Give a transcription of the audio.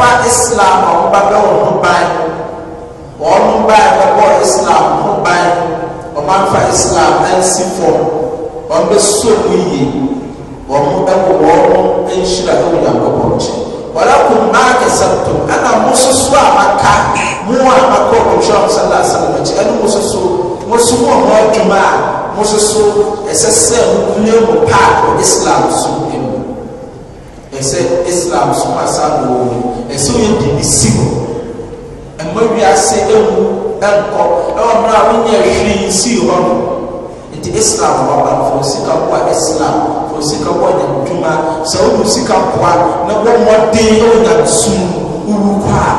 fa islam a ɔba bɛ wɔn ho ban wɔn ho ban bɛbɔ islam ho ban wɔn afa islam ɛnsi fam wɔn bɛ so mu yie wɔn ho ɛwɔ wɔn ho nhyira ɛwɔ yankɔbɔ nkyɛn wɔlɛkùn maa kɛse to ɛna mo soso a maka mo a makɔ ɔtwa ɔsɛlɛ asɛlɛ n'akyi ɛna mo soso mo so mo a mo adwuma a mo soso ɛsɛ sɛ mo kule mo paaki islam so ɛsɛ islam so asa no wɔ mu ɛsɛ woyɛ de bi si hɔ ɛma wiase ɛmu ɛnkɔ ɛwɔ mmerɛ a wonyɛ hwee sii hɔ no nti islam waba no fɔ sika boa islam fɔ sika boa nyadwuma sɛ wode sika boa na wɔmmɔden ɛwɔ nyamesom wowu kɔ a